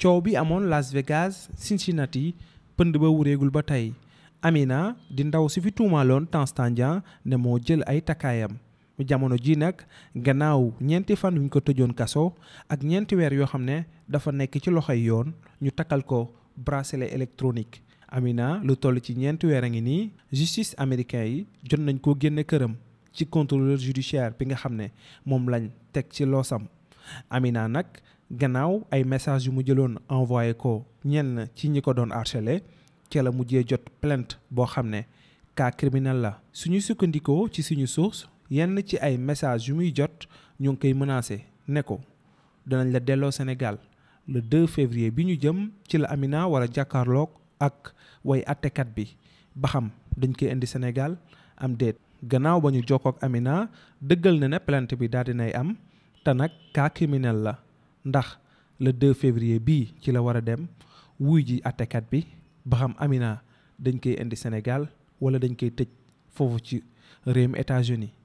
coow bi amoon Las Vegas Cincinnati pënd ba wureegul ba tey Amina di ndaw si fi tuumaaloon Tange Tandian ne moo jël ay takkaayam jamono ji nag gannaaw ñeenti fan yuñ ko tëjoon kaso ak ñeenti weer yoo xam ne dafa nekk ci loxoy yoon ñu takkal ko bracelet électronique Amina lu toll ci ñeenti weer a ngi nii justice américain yi jot nañ koo génne këram ci contrôleur judiciaire bi nga xam ne moom lañ teg ci loosam Amina nag gannaaw ay message yu mu jëloon envoyé ko ñenn ci ñi ko doon harcelé ca la mujjee jot plainte boo xam ne cas criminel la suñu sukkandikoo ci suñu source yenn ci ay message yu muy jot ñoo ngi koy menacé ne ko danañ la delloo Sénégal le 2 février bi ñu jëm ci la Amina wala jàkkaarloog ak way attekat bi ba xam dañ koy indi Sénégal am déet gannaaw ba ñu jokkook Amina dëggal na ne plainte bi daal dinay am te nag cas criminel la ndax le 2 février bii ci la war a dem wuy ji àttekat bi ba xam Amina dañ koy indi Sénégal wala dañ koy tëj foofu ci réewum États-Unis